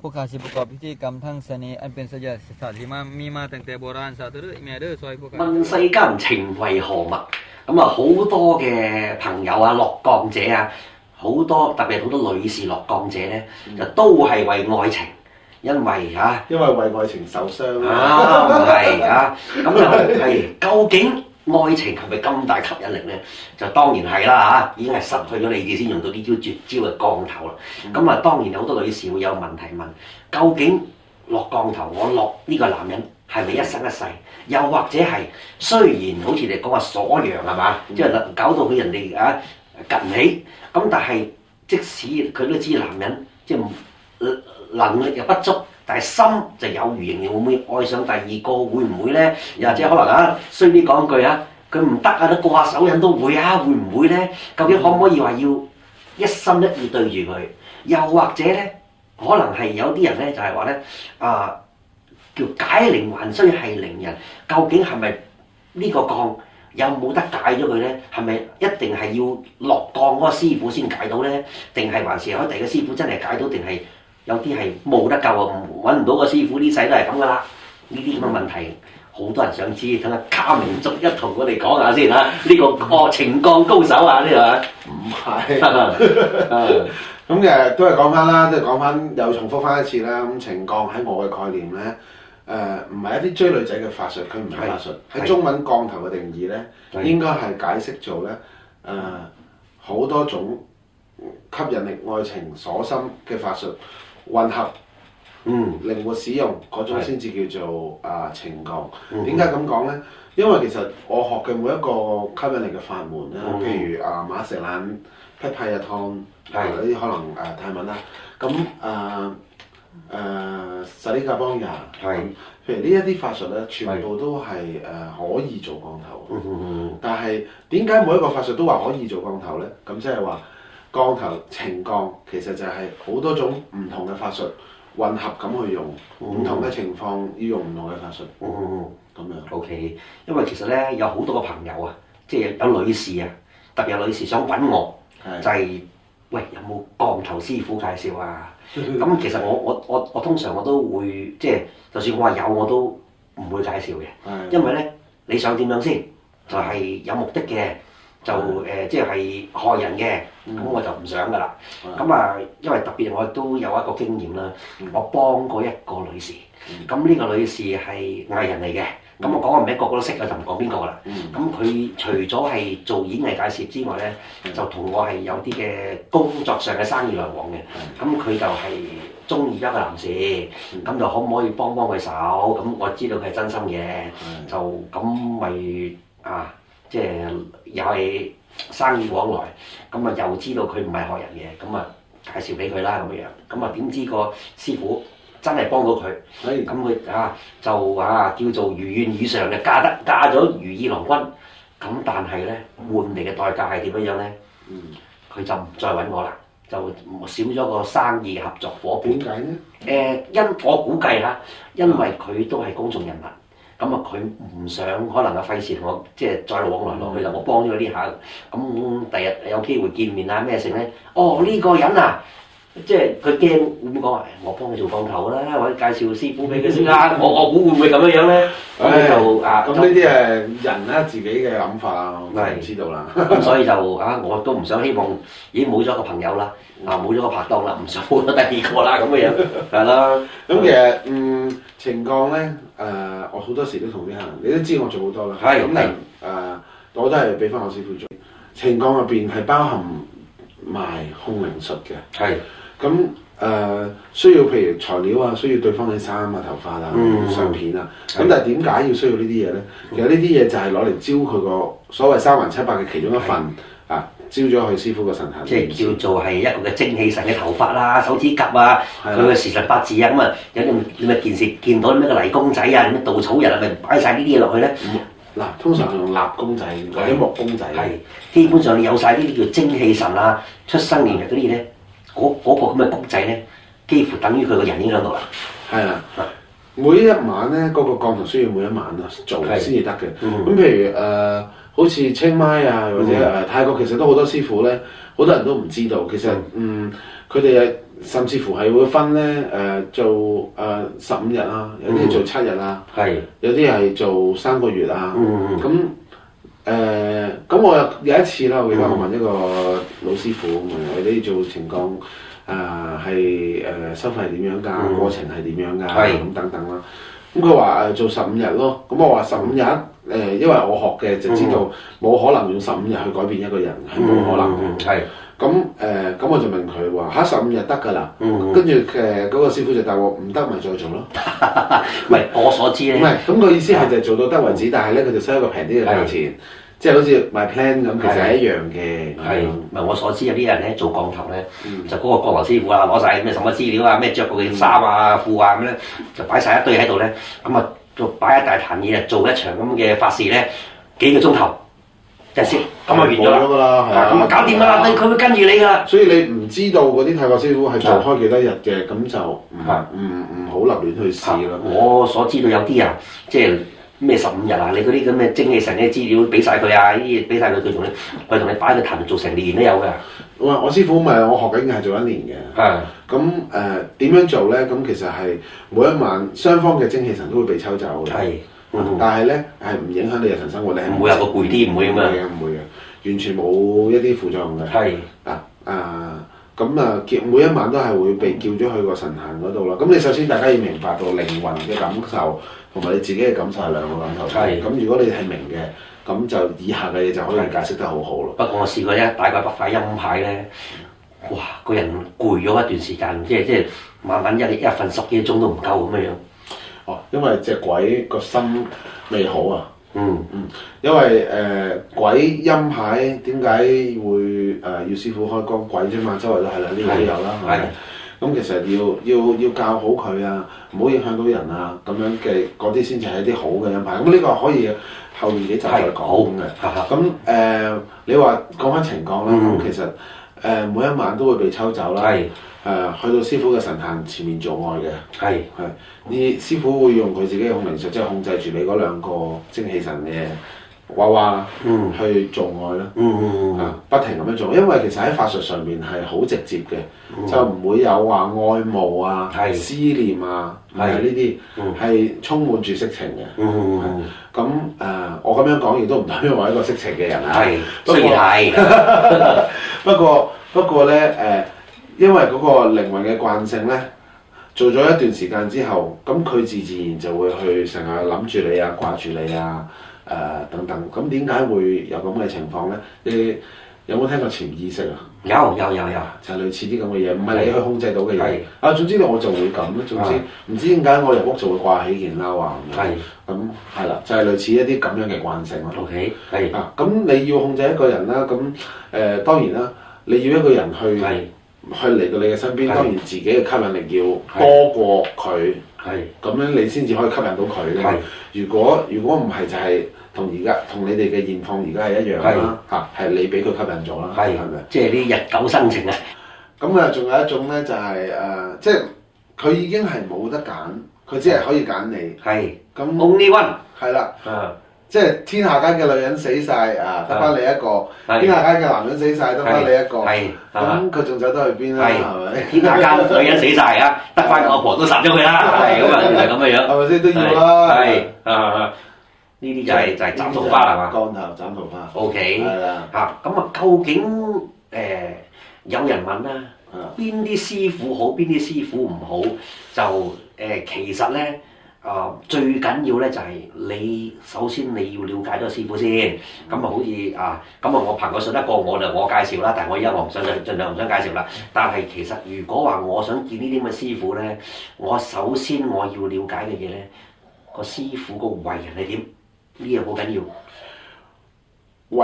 我家私報告啲咁，湯生呢？我變晒只，點解？咪咪同你哋โบราณ，我哋問世間情為何物？咁啊，好多嘅朋友啊，落降者啊，好多，特別係好多女士落降者咧，就都係為愛情，因為啊，因為為愛情受傷啊，唔係啊，咁就係究竟。愛情係咪咁大吸引力呢，就當然係啦嚇，已經係失去咗理智先用到呢招絕招嘅降頭啦。咁啊、嗯，當然有好多女士會有問題問：究竟落降頭，我落呢個男人係咪一生一世？又或者係雖然好似你講話鎖陽係嘛，即係、嗯、搞到佢人哋啊勁起，咁但係即使佢都知男人即係、就是、能力又不足。但係心就有餘，仍然會唔會愛上第二個？會唔會呢？又或者可能啊，衰啲講句啊，佢唔得啊，都過下手癮都會啊，會唔會呢？究竟可唔可以話要一心一意對住佢？又或者呢，可能係有啲人呢，就係話呢，啊，叫解鈴還須繫鈴人。究竟係咪呢個降有冇得解咗佢呢？係咪一定係要落降嗰個師傅先解到呢？定係還是喺第二個師傅真係解到？定係？有啲係冇得救啊！揾唔到個師傅，呢世都係咁噶啦。呢啲咁嘅問題，好多人想知，睇下珈名逐一同我哋講下先啦。呢個哦情降高手啊，呢個唔係。咁誒都係講翻啦，都係講翻，又重複翻一次啦。咁情降喺我嘅概念咧，誒唔係一啲追女仔嘅法術，佢唔係法術。喺中文降頭嘅定義咧，應該係解釋做咧，誒好多種吸引力愛情鎖心嘅法術。混合，嗯，靈活使用嗰種先至叫做啊是、呃、情降。點解咁講咧？因為其實我學嘅每一個吸引力嘅法門咧，譬、嗯、如啊馬石蘭批劈嘅湯，嗰啲可能誒、呃、泰文啦，咁啊啊薩、呃、利亞邦牙，譬是如呢一啲法術咧，全部都係誒是、呃、可以做降頭。嗯嗯、但係點解每一個法術都話可以做降頭咧？咁即係話。降頭情降其實就係好多種唔同嘅法術混合咁去用，唔同嘅情況要用唔同嘅法術。咁樣。O.K. 因為其實咧有好多個朋友啊，即係有女士啊，特別有女士想揾我，的就係、是、喂有冇降頭師傅介紹啊？咁 其實我我我我通常我都會即係，就，是、就算我話有我，我都唔會介紹嘅，的因為咧你想點樣先？就係、是、有目的嘅，就誒即係害人嘅。就是咁我就唔想噶啦，咁啊，因為特別我都有一個經驗啦，我幫過一個女士，咁呢個女士係藝人嚟嘅，咁我講個名，個個都識啊，就唔講邊個啦。咁佢除咗係做演藝介紹之外咧，就同我係有啲嘅工作上嘅生意來往嘅，咁佢就係鍾意一個男士，咁就可唔可以幫幫佢手？咁我知道佢係真心嘅，就咁咪啊，即係又係。生意往來，咁啊又知道佢唔係學人嘅，咁啊介紹俾佢啦咁樣，咁啊點知個師傅真係幫到佢，所以咁佢啊就話叫做如願以償嘅嫁得嫁咗如意郎君，咁但係咧換嚟嘅代價係點樣咧？嗯，佢就唔再搵我啦，就少咗個生意合作伙伴。點解咧？誒、呃，因我估計啦，因為佢都係公眾人物，咁啊，佢唔想可能啊，費事同我即係再往來落去啦，我幫咗呢下，咁第日有機會見面啊咩成咧？哦，呢、這個人啊，即係佢驚會唔會講話？我幫佢做光頭啦，或者介紹師傅俾佢先啦。我我估會唔會咁樣呢、哎、樣咧？就、哎、啊，咁呢啲係人啦，自己嘅諗法我梗係唔知道啦。咁、 嗯、所以就啊，我都唔想希望已經冇咗個朋友啦，啊冇咗個拍檔啦，唔想冇咗第二個啦咁嘅樣，係啦那。咁那其實嗯。情降咧，誒、呃，我好多時都同啲客人，你都知我做好多啦。係，咁你，誒，我都係俾翻我師傅做。情降入邊係包含賣空靈術嘅。係的，咁誒、呃、需要譬如材料啊，需要對方嘅衫啊、頭髮啊、相、嗯、片啊。咁的但係點解要需要呢啲嘢咧？嗯、其實呢啲嘢就係攞嚟招佢個所謂三魂七魄嘅其中一份的。招咗佢師傅個神行，即係叫做係一個嘅精氣神嘅頭髮啦、手指甲啊，佢嘅時辰八字啊，咁啊有啲咁嘅件事見到咩嘅泥公仔啊、咩稻草人啊，咪擺晒呢啲嘢落去咧。嗱，通常用泥公仔或者木公仔，係基本上你有晒呢啲叫精氣神啊，出生年日嗰啲咧，嗰嗰個咁嘅公仔咧，幾乎等於佢個人喺嗰度啦。係啊，每一晚咧，嗰個降頭需要每一晚啊做先至得嘅。咁譬如誒。好似清邁啊，或者誒泰國，其實都好多師傅咧，好多人都唔知道。其實， 嗯，佢哋甚至乎係會分咧，誒、呃、做誒十五日啦，有、呃、啲做、呃做，呃做，呃、做七日啦，是的 有啲係做三個月啊。咁誒，咁、 呃、我有一次啦，我記得我問一個老師傅，問我啲做情降，呃呃呃呃、ù, huh，啊，係誒收費點樣㗎？過程係點樣㗎？咁等等啦。咁佢話誒做十五日咯，咁我話十五日，誒因為我學嘅就知道冇可能用十五日去改變一個人係冇、嗯、可能嘅，係咁誒咁我就問佢話嚇十五日得㗎啦？跟住誒嗰個師傅就答我唔得，咪再做咯，唔係 我所知咧，唔係咁個意思係就係做到得為止， 但係咧佢就收一個平啲嘅價錢。即係好似 my plan 咁，其實係一樣嘅。係的，唔係我所知有啲人咧做降頭咧，就嗰個降頭師傅啊，攞晒咩什麼資料啊，咩着嗰件衫啊、褲啊咁咧，就擺晒一堆喺度咧。咁啊，就擺一大壇嘢做一場咁嘅法事咧，幾個鐘頭，就先。咁啊，完咗啦。咁啊，搞掂啦！佢會跟住你㗎。所以你唔知道嗰啲泰國師傅係做開幾多日嘅，咁就唔唔唔好立亂去試咯。我所知道有啲人即係。咩十五日啊？你嗰啲咁嘅精氣神嘅資料俾晒佢啊！呢啲嘢俾曬佢，佢仲，佢同你擺喺個壇做成年都有噶。我我師傅咪我學緊嘅係做一年嘅。係的。咁誒點樣做咧？咁其實係每一晚雙方嘅精氣神都會被抽走嘅。係的。嗯、但係咧係唔影響你日常生活，你唔會有個攰啲，唔會噶，唔會噶，完全冇一啲副作用嘅。係的。嗱啊！呃咁啊，叫每一晚都係會被叫咗去個神壇嗰度咯。咁你首先大家要明白到靈魂嘅感受同埋你自己嘅感受係兩個感受。係的。咁如果你係明嘅，咁就以下嘅嘢就可以解釋得好好咯。不過我試過咧，大個不快陰牌咧，哇！個人攰咗一段時間，即係即係慢慢一一瞓十幾鐘都唔夠咁樣。哦、啊，因為隻鬼個心未好啊。嗯嗯，因為誒、呃、鬼陰牌點解會誒、呃、要師傅開光鬼啫嘛，周圍都係啦，呢個都有啦，係。咁其實要要要教好佢啊，唔好影響到人啊，咁樣嘅嗰啲先至係一啲好嘅陰牌。咁、嗯、呢、呢個可以後面幾集嚟講嘅。咁誒、呃，你話講翻情降啦，咁、嗯、其實。誒每一晚都會被抽走啦，誒是去到師傅嘅神壇前面做愛嘅，係係是，你師傅會用佢自己嘅控靈術，是即係控制住你嗰兩個精氣神嘅。話話、嗯、去做愛啦，啊、嗯，不停咁樣做，因為其實喺法術上面係好直接嘅，嗯、就唔會有話愛慕啊、思是念啊，唔係呢啲，係是是充滿住色情嘅。咁誒、嗯嗯呃，我咁樣講亦都唔代表我係一個色情嘅人啊，雖然是不過雖 不過咧誒，因為嗰個靈魂嘅慣性咧，做咗一段時間之後，咁佢自自然就會去成日諗住你啊，掛住你啊。誒等等，咁點解會有咁嘅情況咧？你有冇聽過潛意識啊？有有有有，就係類似啲咁嘅嘢，唔係你去控制到嘅嘢。啊，總之咧我就會咁啦。總之唔知點解我入屋就會掛起件褸啊咁。係咁係啦，就係類似一啲咁樣嘅慣性咯。O K 係啊，咁你要控制一個人啦，咁誒當然啦，你要一個人去去嚟到你嘅身邊，當然自己嘅吸引力要多過佢。係咁樣你先至可以吸引到佢咧。如果如果唔係就係。同而家同你哋嘅現況而家係一樣啦，嚇係你俾佢吸引咗啦，係咪？即係啲日久生情啊！咁啊，仲有一種咧，就係誒，即係佢已經係冇得揀，佢只係可以揀你。係。咁。Only one。係啦。即係天下間嘅女人死晒，啊，得翻你一個；天下間嘅男人死晒，得翻你一個。係。咁佢仲走得去邊啊？係咪？天下間女人死晒，啊，得翻我婆都殺咗佢啦。係咁啊，原來咁嘅樣。係咪先都要啦？係啊！呢啲就係就係斬桃花係嘛？降頭斬桃花。OK。嚇咁 Okay, 的啊，究竟誒、呃、有人問啦，邊啲的師傅好，邊啲師傅唔好？就誒、呃、其實咧啊、呃，最緊要咧就係你首先你要了解咗師傅先。咁、嗯、啊，好似啊咁啊，我憑我信得過我就我介紹啦。但係我而家我唔想盡儘量唔想介紹啦。但係其實如果話我想見呢啲咁嘅師傅咧，我首先我要了解嘅嘢咧，個師傅個為人係點？呢樣好緊要，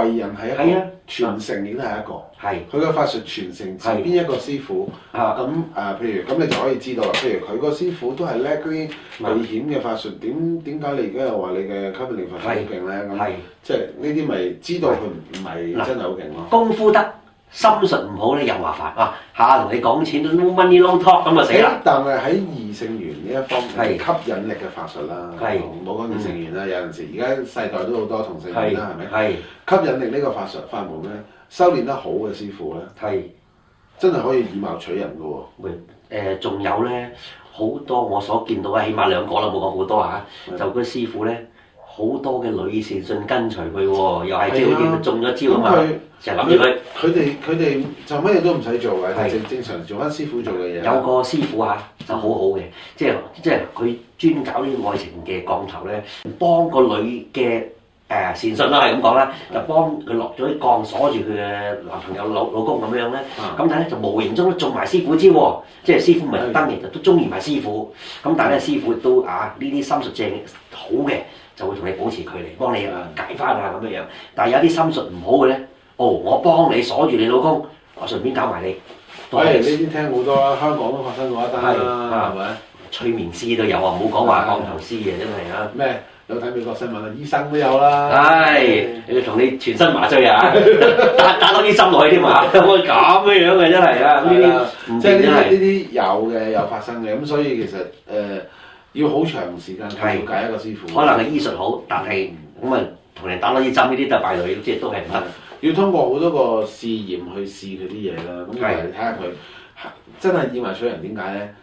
為人係一個傳承，已經係一個。係的。佢個的法術傳承係邊一個師傅。咁啊，譬如咁，你就可以知道啦。譬如佢個師傅都係叻啲危險嘅法術，點點解你而家又話你嘅吸引力法術好勁咧？咁即係呢啲咪知道佢唔唔係真係好勁咯。功夫得。心術唔好咧又麻煩嚇，嚇、啊、同你講錢都、no、money、no、talk 咁就死啦。但係喺異性緣呢一方面是吸引力嘅法術啦，唔好講異性緣啦，是有陣時而家世代都好多同性緣啦，係咪？吸引力呢個法術法門咧，修練得好嘅師傅咧，係是真係可以以貌取人嘅喎。喂、嗯，誒、呃、仲有咧，好多我所見到嘅，起碼兩個啦，冇講好多嚇，就嗰的是師傅咧。好多嘅女善信跟隨佢喎，又係即係好似佢中咗招啊嘛，成日諗住佢。佢哋佢哋就乜嘢都唔使做嘅，正正常做翻師傅做嘅嘢。有個師傅嚇、啊、就好好嘅，即係即係佢專搞呢啲愛情嘅降頭咧，幫個女嘅誒善信啦。係咁講啦，就幫佢落咗啲降鎖住佢嘅男朋友老老公咁樣咧。咁但係咧就無形中都中埋師傅招，即係師傅咪係得嘅，都中意埋師傅。咁但係咧師傅都啊呢啲心術正好嘅。你保持距離，幫你啊解翻啊咁樣樣。但係有啲心術唔好嘅咧，哦，我幫你鎖住你老公，我順便教埋你。係呢先聽好多香港都發生過一單啦，係咪催眠師都有啊，唔好講話降頭師嘅真係啊。咩？有睇美國新聞啊，醫生都有啦。係你同你全身麻醉啊，打打多啲針落去添嘛。咁啊咁嘅樣嘅真係啊，呢啲即係呢啲有嘅有發生嘅。咁所以其實誒。要好長時間去了解一個師傅，可能係醫術好，但係咁啊，同你、嗯、打攞啲針呢啲就敗類，即係都係唔得。要通過好多個試驗去試佢啲嘢啦。咁同埋你睇下佢真係以貌取人點解咧？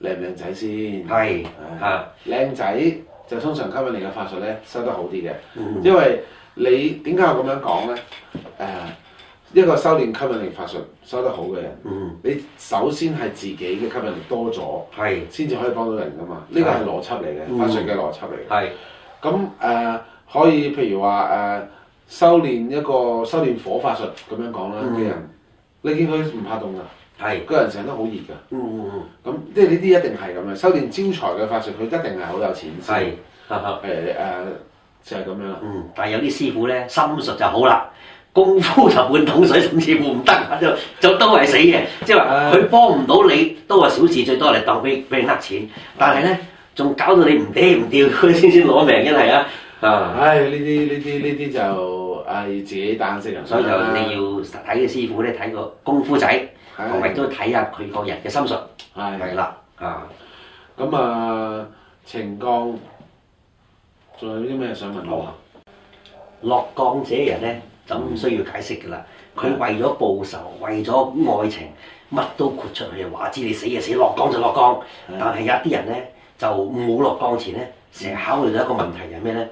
靚唔靚仔先？係啊，靚仔就通常吸引你嘅法術咧，收得好啲嘅。嗯、因為你點解我咁樣講咧？誒、呃。一個修練吸引力法術修得好嘅人，你首先係自己嘅吸引力多咗，先至可以幫到人噶嘛？呢個係邏輯嚟嘅，法術嘅邏輯嚟嘅。係咁誒，可以譬如話誒，修練一個修練火法術咁樣講啦嘅人，你見佢唔怕凍㗎，個人成日都好熱㗎。嗯嗯嗯，咁即係呢啲一定係咁樣。修練招財嘅法術，佢一定係好有錢先。係誒就係咁樣啦。嗯，但係有啲師傅咧，心術就好啦。功夫就換桶水，甚至換唔得，就就都係死嘅。即係話佢幫唔到你，都係小事最多係當，俾俾你呃錢。但係咧，仲搞到你唔跌唔掉，佢先先攞命，真係啊！啊，唉，呢啲呢啲呢啲就係自己膽色人，所以就你要睇嘅師傅咧，睇個功夫仔，同埋都睇下佢個人嘅心術，係啦，啊，咁啊，情降，仲、呃、有啲咩想問我？落降者人咧。就唔需要解釋嘅啦。佢為咗報仇，為咗愛情，乜都豁出去，話知你死就死，落降就落降。但係有啲人咧就冇落降前咧，成日考慮到一個問題就係咩咧？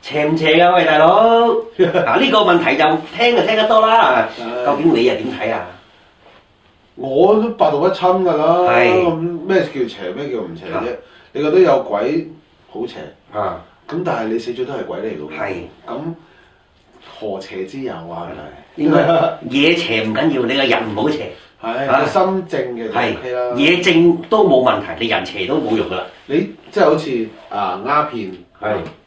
邪唔邪㗎喂，大佬？啊呢個問題就聽就聽得多啦。究竟你又點睇啊？我都百毒不侵㗎啦。係咩叫邪？咩叫唔邪啫？你覺得有鬼好邪？啊咁，但係你死咗都係鬼嚟到嘅。係咁。何邪之有啊？係應該嘢為 邪唔緊要，你個人唔好邪。係，心靜係正嘅嘢。係，嘢正都冇問題，你人邪都冇用噶啦。你即係好似啊，鴉、呃、片、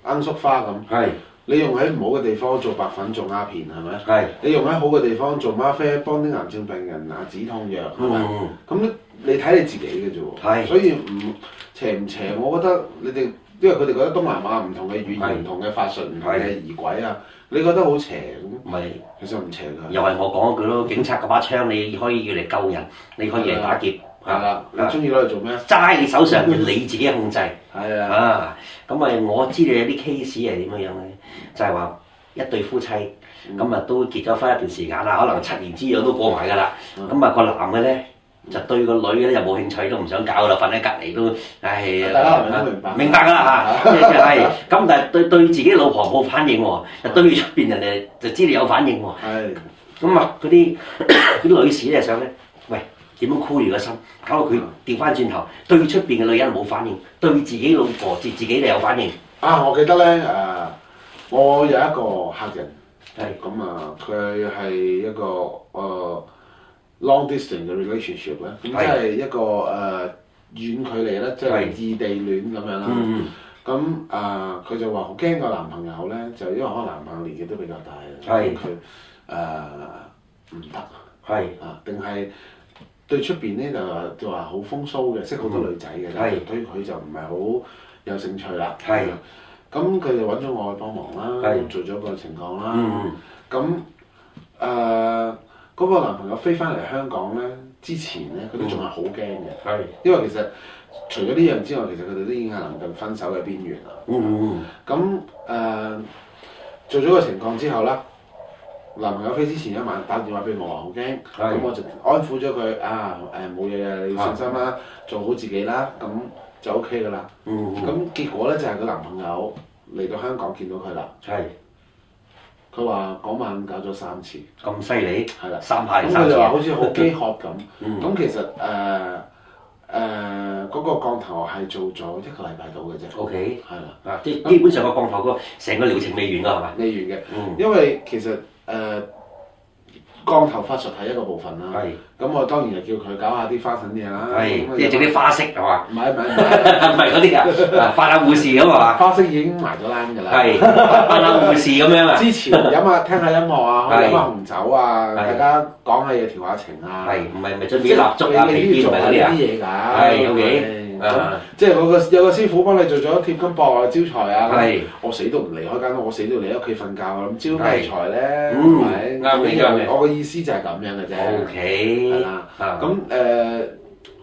罌粟係係花咁。係係。你用喺唔好嘅地方做白粉做鴉片係咪？係。你用喺好嘅地方做嗎啡，幫啲癌症病人啊止痛藥。哦。咁你你睇你自己嘅啫喎。係。所以唔邪唔邪，我覺得你哋因為佢哋覺得東南亞唔同嘅語言、唔同嘅法術、唔同嘅儀軌啊，你覺得好邪咁？唔係，其實唔邪㗎。又係我講一句咯，警察嗰把槍你可以要嚟救人，你可以用嚟打劫。係啦。你中意攞嚟做咩？揸你手上，你自己控制。係啊。啊，咁咪我知你有啲 case 係點樣樣嘅。就係話一對夫妻咁啊，都結咗婚一段時間啦，可能七年之癢都過埋噶啦。咁啊，個男嘅咧就對個女嘅又冇興趣，都唔想搞啦，瞓喺隔離都唉。明白啦，明白。明白啦嚇，係咁，但係對對自己老婆冇反應喎，對出邊人哋就知你有反應喎。係。咁啊，嗰啲啲女士咧想咧，喂點樣箍住個心，搞到佢調翻轉頭對出邊嘅女人冇反應，對自己老婆自自己嚟有反應。啊，我記得咧誒。我有一個客人，咁啊、嗯，佢係、嗯、一個誒、uh, long distance 嘅 relationship 咧，咁、嗯、即係一個誒、uh, 遠距離咧，是即係異地戀咁樣啦。咁啊、嗯，佢、嗯嗯、就話好驚個男朋友咧，就因為可能男朋友年紀都比較大所以佢誒唔得。啊，定係對出邊咧就話就話好風騷嘅，識好多女仔嘅、嗯嗯，對於佢就唔係好有興趣啦。咁佢哋揾咗我去幫忙啦，是做咗個情降啦。咁誒嗰個男朋友飛返嚟香港呢，之前呢，佢哋仲係好驚嘅，嗯、因為其實除咗呢樣之外，其實佢哋都已經係臨近分手嘅邊緣啦。咁誒、嗯嗯呃、做咗個情降之後呢，男朋友飛之前一晚打電話俾我話好驚，咁、嗯、我就安撫咗佢啊誒，冇嘢嘅，你放心啦，嗯、做好自己啦咁。嗯就 OK 噶啦，咁結果咧就係佢男朋友嚟到香港見到佢啦。係，佢話嗰晚搞咗三次，咁犀利，係啦，三下三次，好似好飢渴咁。咁其實誒誒嗰個降頭係做咗一個禮拜到嘅啫。OK，係啦，啊即基本上個降頭個成個療程未完㗎係嘛？未完嘅，因為其實誒。光頭法術係一個部分啦，咁我當然就叫佢搞下啲花粉嘢啦，即係整啲花式係嘛？唔係唔係唔係，嗰啲啊，花燈護士咁係嘛？花式已經埋咗單㗎啦，花燈護士咁樣啊！之前飲下聽下音樂啊，飲下紅酒啊，大家講下嘢、調下情啊，唔係唔係準備蠟燭啊、皮鞭嗰啲嘢㗎。Uh huh. 即係我個有個師傅幫你做咗貼金箔啊、招財啊，是我死都唔離開間屋，我死都要喺屋企瞓覺。咁招財咧，啱嘅。我個意思就係咁樣嘅啫。O K，咁誒。嗯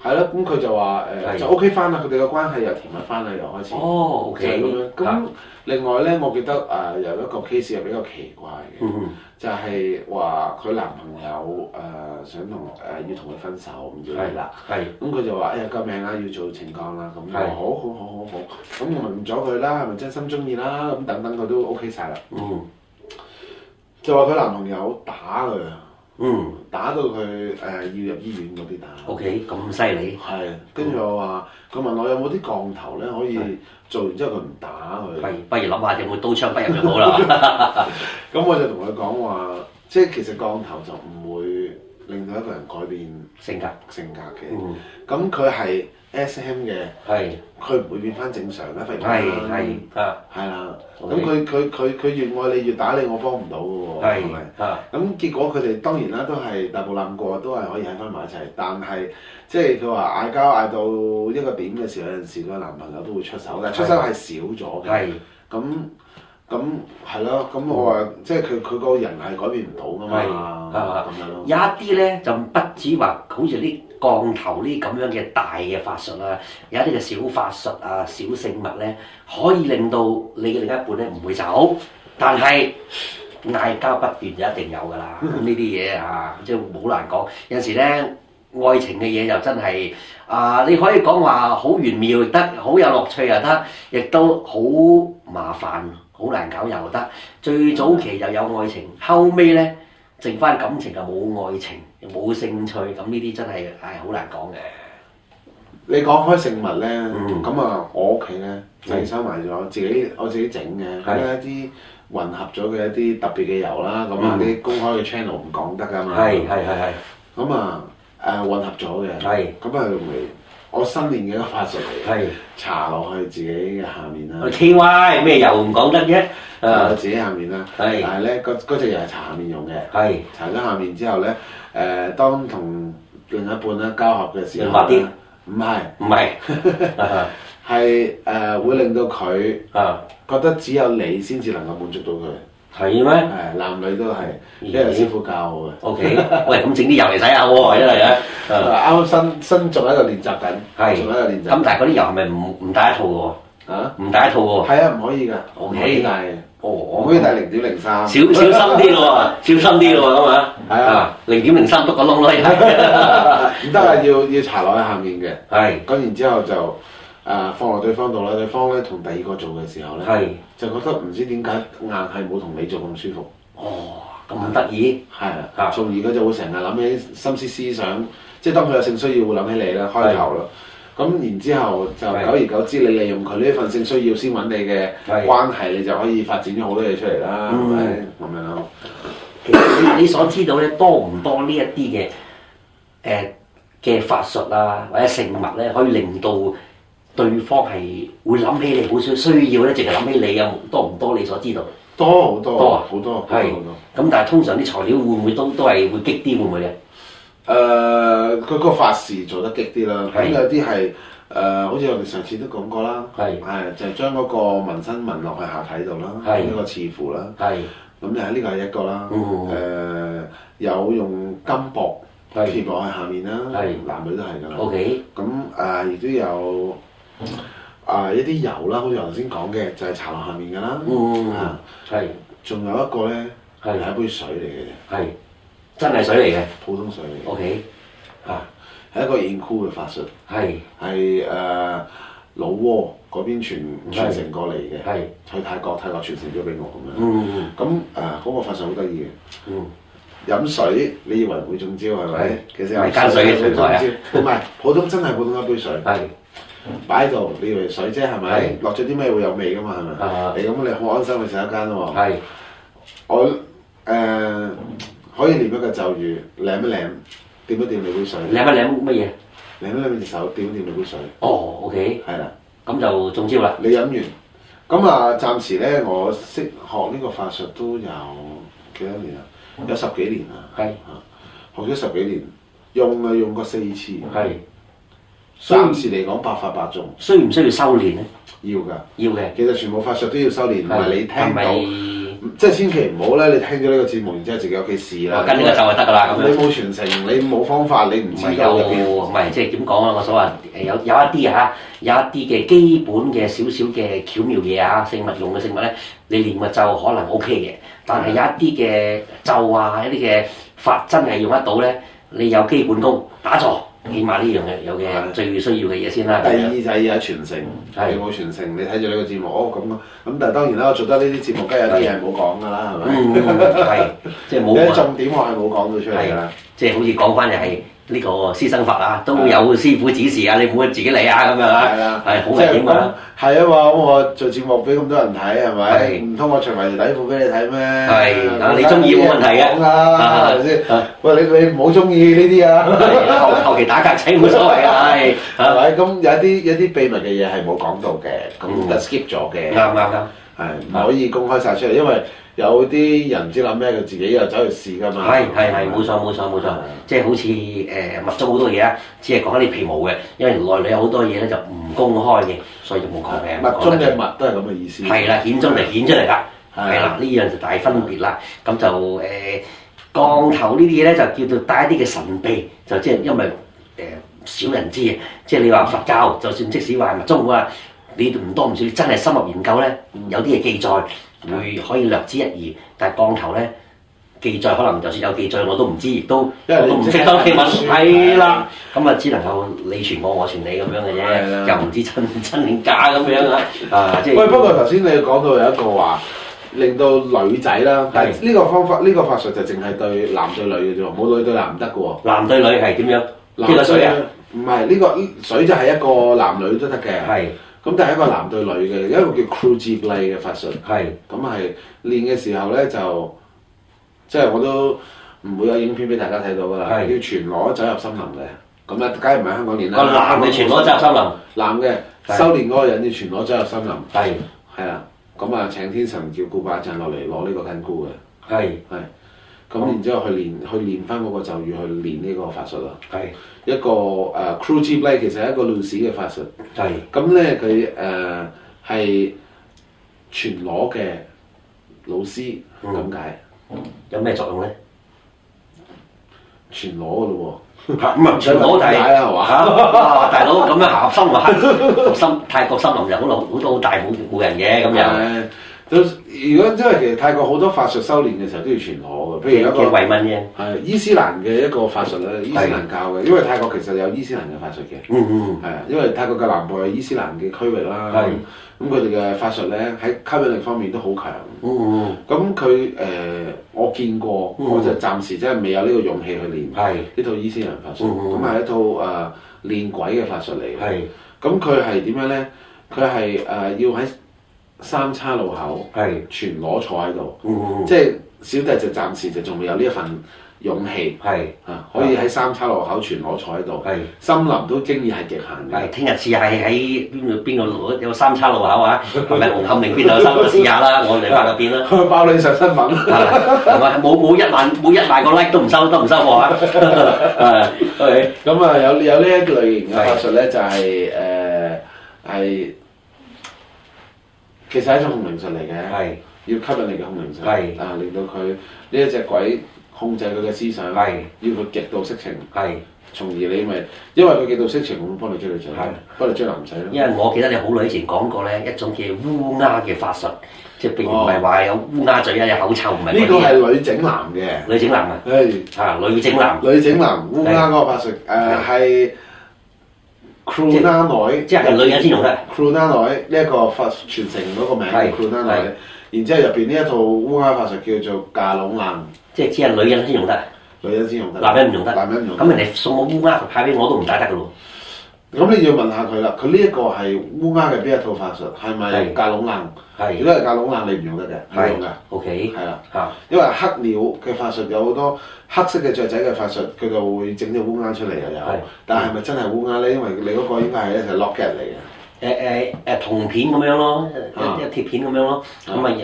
係咯，咁佢就話誒、呃、的就 OK 翻啦，佢哋嘅關係又甜蜜翻啦，又開始哦、oh，OK 咁樣。咁另外咧，我記得誒、呃、有一個 case 係比較奇怪嘅，mm hmm. 就係話佢男朋友誒、呃、想同誒、呃、要同佢分手，唔知點解，係、hmm. 樣。咁佢的就話：哎呀，救命啦，要做情抗啦。咁話好好好好好，咁我問咗佢啦，係咪、mm hmm. 真心中意啦？咁等等佢都 OK 晒啦。嗯了。Mm、就話佢男朋友打佢啊！嗯，打到佢誒、呃、要入醫院嗰啲打。O K，咁犀利。係、嗯，跟住、嗯、我話，佢問我有冇啲降頭咧，可以、嗯、做完之後，佢唔打佢。不如不如諗下有冇刀槍不入就好啦。咁 我就同佢講話，即係其實降頭就唔會令到一個人改變性格性格嘅。咁佢係。S.M. 嘅，佢唔會變翻正常啦，肥媽。係係啦。咁佢佢佢佢越愛你越打你，我幫唔到嘅喎。係。咁結果佢哋當然啦，都係大步冧過，都係可以喺翻埋一齊。但係即係佢話嗌交嗌到一個點嘅時候，有陣時個男朋友都會出手嘅，出手係少咗嘅。係。咁咁係咯，咁我話即係佢佢個人係改變唔到㗎嘛。咁樣咯。有一啲咧就不止話好似啲降頭呢啲咁樣嘅大嘅法術啦、啊，有一啲嘅小法術啊、小聖物咧，可以令到你嘅另一半咧唔會走。但係嗌交不斷就一定有㗎啦。呢啲嘢啊，即係好難講。有時咧愛情嘅嘢又真係啊、呃，你可以講話好玄妙得，好有樂趣又得，亦都好麻煩，好難搞又得。最早期就有愛情，後尾咧剩翻感情就冇愛情。冇興趣，咁呢啲真係係好難講嘅。你講開食物咧，咁啊，我屋企咧，就收埋咗，自己我自己整嘅，佢一啲混合咗嘅一啲特別嘅油啦，咁啲公開嘅 channel 唔講得噶嘛。係係係係。咁啊，誒混合咗嘅，咁啊用嚟我新年嘅一個法術，搽落去自己嘅下面啦。K Y，咩油唔講得嘅，我自己下面啦。係，但係咧，嗰嗰隻又係搽下面用嘅，搽咗下面之後咧。誒，當同另一半咧交合嘅時候咧，唔係，唔係，係誒會令到佢啊覺得只有你先至能夠滿足到佢。係咩？係男女都係，呢樣師傅教我嘅。O K，喂，咁整啲油嚟洗下喎，真係咧。啱新新仲喺度練習緊，仲喺度練習。咁但係嗰啲油係咪唔唔帶一套喎？啊，唔帶一套嘅喎。係啊，唔可以㗎，唔可以帶嘅。哦，我嗰啲係零點零三，小小心啲咯喎，小心啲咯喎，咁啊，係啊，零點零三篤個窿咯，要得啊，要要查落喺下面嘅，係，咁然之後就誒放落對方度啦，對方咧同第二個做嘅時候咧，係就覺得唔知點解硬係冇同你做咁舒服，哦，咁得意，係啦，做而家就會成日諗起心思思想，即係當佢有性需要會諗起你啦，開頭咯。咁然之後就久而久之，你利用佢呢份性需要先揾你嘅關係，你就可以發展咗好多嘢出嚟啦，係咪咁樣咯？吧其實你所知道咧，多唔多呢一啲嘅誒嘅法術啊，或者食物咧、啊，可以令到對方係會諗起你好少需要咧，淨係諗起你有多唔多？你所知道多好多，多啊，好多係咁，但係通常啲材料會唔會都都係會激啲，會唔會啊？誒佢個法事做得激啲啦，咁有啲係誒，好似我哋上次都講過啦，係就係將嗰個紋身紋落去下體度啦，一個刺符啦，咁就誒呢個係一個啦，誒有用金箔貼落喺下面啦，男女都係噶，OK，咁誒亦都有啊一啲油啦，好似頭先講嘅就係搽落下面㗎啦，係，仲有一個咧係一杯水嚟嘅。真係水嚟嘅，普通水嚟嘅。O K，啊，係一個好 cool 嘅法術，係係誒老撾嗰邊傳承過嚟嘅，係去泰國泰國傳承咗俾我咁樣。嗯咁誒，嗰個法術好得意嘅。嗯。飲水，你以為會中招係咪？其實係加水嘅水招。唔係，普通真係普通一杯水。係。擺喺度，你以為水啫係咪？落咗啲咩會有味噶嘛係咪？你咁，你好安心去食一間喎。係。我誒。可以念一個咒語，攬一攬，掂一掂，你杯水。攬一攬乜嘢？攬一攬隻手，掂一掂你杯水。攬一攬乜嘢？攬一攬隻手，掂一掂你杯水。哦，OK。係啦。咁就中招啦。你飲完。咁啊，暫時咧，我識學呢個法術都有幾多年啦？有十幾年啦。係。學咗十幾年，用啊用過四次。係。暫時嚟講，百發百中。需唔需要修練咧？要㗎。要嘅。其實全部法術都要修練，唔係你聽到。即係千祈唔好咧！你聽咗呢個節目，然之後自己屋企試啦。哦，跟呢個咒就得㗎啦。你冇傳承，你冇方法，你唔知道。唔係，即係點講啊？我所謂誒有有一啲嚇，有一啲嘅基本嘅少少嘅巧妙嘢嚇，性物用嘅性物咧，你念個咒可能 OK 嘅。但係有一啲嘅咒啊，一啲嘅法真係用得到咧，你有基本功打坐。起碼呢樣嘢，有嘅，最需要嘅嘢先啦。第二就係要喺傳承，你冇傳承，你睇住呢個節目，哦咁啊咁。但係當然啦，我做得呢啲節目，梗有啲嘢係冇講噶啦，係咪是？係，嗯、 即係冇。啲重點我係冇講到出嚟噶啦。即係好似講翻就係呢個師生法啊，都有師傅指示啊，你唔好自己嚟啊，咁樣啊，係好危險啊！係啊嘛，咁我做節目俾咁多人睇係咪？唔通我除埋條底褲俾你睇咩？係嗱，你中意冇問題嘅，係咪先？喂，你你唔好中意呢啲啊，後期打格仔冇所謂啊，係係咪？咁有啲有啲秘密嘅嘢係冇講到嘅，咁 skip 咗嘅，啱啱。係，唔可以公開晒出嚟，因為有啲人唔知諗咩，佢自己又走去試㗎嘛。係係係，冇錯冇錯冇錯。即係好似誒密宗好多嘢啦，只係講啲皮毛嘅，因為內裏有好多嘢咧就唔公開嘅，所以就冇講嘅。密宗嘅密都係咁嘅意思。係啦，顯宗嚟顯出嚟㗎。係啦，呢的的樣就大分別啦。咁就誒、呃、降頭呢啲嘢咧，就叫做帶一啲嘅神秘，就即係因為誒少、呃、人知嘅。即係你話佛教，就算即使話密宗嘅。你唔多唔少，真係深入研究咧，有啲嘢記載會可以略知一二。但係降頭咧，記載可能就算有記載我都唔知，亦都因為你唔識當你問。係啦，咁、嗯、啊，了只能夠你傳我，我傳你咁樣嘅啫。了又唔知真真定假咁樣啊？啊，即係喂。不過頭先你講到有一個話，令到女仔啦，但係呢個方法呢、呢個法術就淨係對男對女嘅啫，冇女對男唔得嘅喎。男對女係點樣？男頭水啊？唔係呢個水就係一個男女都得嘅。係的。咁但係一個男對女嘅，一個叫 Cruel Jade 嘅法術。係是。咁係練嘅時候咧，就即係我都唔會有影片俾大家睇到㗎啦。係是。要全裸走入森林嘅。咁咧，梗係唔係香港練啦？個男嘅全裸走入森林。男嘅的是修煉嗰個人要全裸走入森林。係是。係是啊。咁啊，請天神叫顧八陣落嚟攞呢個根菇嘅。係是。係是。咁然之後去練去練翻嗰個咒語，去練呢個法術咯。係一個誒 c r u e l s h i p 咧，其實係一個老師嘅法術。係。咁咧佢誒，係全裸嘅老師，咁解？有咩作用咧？全裸咯喎。唔係全裸，係嚇大佬咁樣合作深入，泰國森林又好老好多好大好冇人嘅咁樣。如果真係其實泰國好多法術修練嘅時候都要全裸嘅。譬如一個係伊斯蘭嘅一個法術咧，伊斯蘭教嘅，因為泰國其實有伊斯蘭嘅法術嘅。嗯嗯，係啊，因為泰國嘅南部有伊斯蘭嘅區域啦，咁佢哋嘅法術咧喺吸引力方面都好強，咁佢誒我見過，我就暫時真係未有呢個勇氣去練係呢套伊斯蘭法術，咁係一套誒練鬼嘅法術嚟嘅。係，咁佢係點樣咧？佢係誒要喺三叉路口係全裸坐喺度，即係小弟就暫時就仲未有呢一份勇氣係嚇，可以喺三叉路口全裸坐喺度。森林都經已係極限嘅。聽日試下喺邊度邊個路有三叉路口啊？係咪紅磡邊度收啊？試下啦，我哋翻個邊啦。爆你上新聞係咪？冇冇，一萬冇一萬個 like 都唔收，都唔收我啊？係咁啊！有，有呢一類型嘅法術咧，就係誒係。其實係一種控靈術嚟嘅，要吸引你嘅控靈術，啊令到佢呢一隻鬼控制佢嘅思想，要佢極度色情，從而你咪因為佢極度色情，會幫你追女仔，幫你追男仔。使因為我記得你好耐以前講過咧，一種叫烏鴉嘅法術，即係並唔係話有烏鴉嘴啊，有口臭唔係。呢個係女整男嘅，女整男啊，啊女整男，女整男烏鴉嗰個法術，誒係。Crown o 奶，oy, 即係女人先用得。Crown 奶呢一個法傳承嗰個名，Crown o 奶。然之後入邊呢一套烏鴉法術叫做架龍蘭，即係只係女人先用得，女人先用得，男人唔用得。男人用得，咁人哋送個烏鴉派俾我都唔打得噶喎。嗯咁你要問下佢啦，佢呢一個係烏鴉嘅邊一套法術？係咪架籠硬？係的，如果係架籠硬，你唔用得嘅，唔用嘅。O K，係啦，啊、因為黑鳥嘅法術有好多黑色嘅雀仔嘅法術，佢就會整啲烏鴉出嚟嘅有。的但係咪真係烏鴉咧？因為你嗰個應該係一隻 locket 嚟嘅。誒誒誒，銅片咁樣咯，一鐵片咁樣咯，咁咪、啊、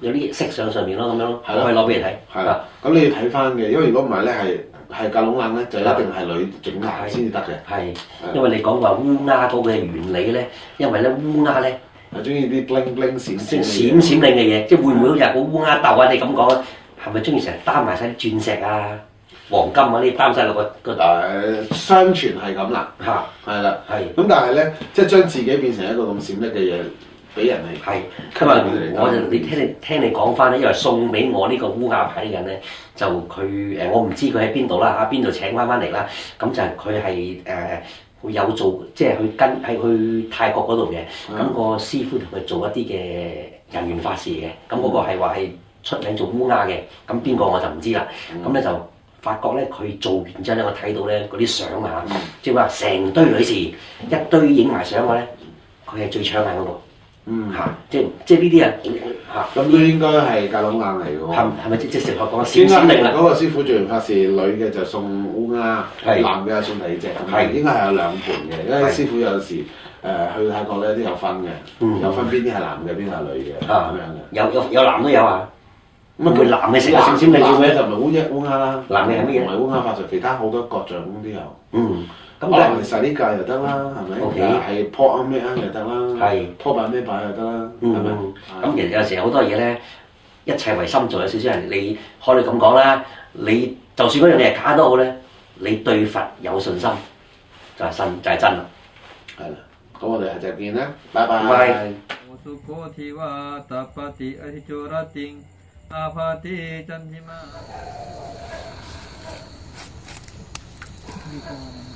有啲色相上面咯咁樣，我可以攞俾你睇。係啦，咁你要睇翻嘅，因為如果唔係咧係。係隔籬眼咧，就一定係女整眼先至得嘅。係，因為你講話烏鴉嗰個原理咧，因為咧烏鴉咧就中意啲 blingbling 閃閃閃閃亮嘅嘢，即係會唔會好似係個烏鴉竇啊？你咁講，係咪中意成日擔埋晒啲鑽石啊、黃金啊呢？擔曬落個誒，相傳係咁啦。吓，係啦。係。咁但係咧，即係將自己變成一個咁閃熠嘅嘢。俾人係，咁啊，對！我就你聽，聽你聽你講翻咧，因為送俾我呢個烏鴉牌嘅人咧，就佢誒，我唔知佢喺邊度啦，啊邊度請翻翻嚟啦？咁就係佢係誒會有做，即係去跟喺去泰國嗰度嘅。咁個師傅同佢做一啲嘅人緣法事嘅。咁嗰個係話係出名做烏鴉嘅。咁邊個我就唔知啦。咁咧就發覺咧，佢做完之後咧，我睇到咧嗰啲相啊，即係話成堆女士一堆影埋相嘅咧，佢係最搶眼嗰、那個。嗯，吓，即係即係呢啲人。嚇，咁都應該係格老硬嚟嘅喎。係咪直接食學講？先生明啦，嗰個師傅做完法事，女嘅就送烏鴉，男嘅就送另一隻。係應該係有兩盤嘅，因為師傅有時誒去泰國咧，都有分嘅，有分邊啲係男嘅，邊係女嘅啊咁樣嘅。有有有男都有啊，咁啊，佢男嘅食少少，女嘅就唔係烏鴉烏鴉啦。男嘅係乜嘢？唔係烏鴉法術，其他好多各樣都有。嗯。我嚟曬呢屆又得啦，係咪？係撲啱咩啱又得啦。係撲擺咩擺又得啦，係咪、嗯？咁、嗯、其實有時好多嘢咧，一切為心做。有少少人，你，可以咁講啦，你就算嗰樣嘢係假都好咧，你對佛有信心就係信，就係、是、真咯。係、就、啦、是，咁我哋下就見啦，拜拜。Bye.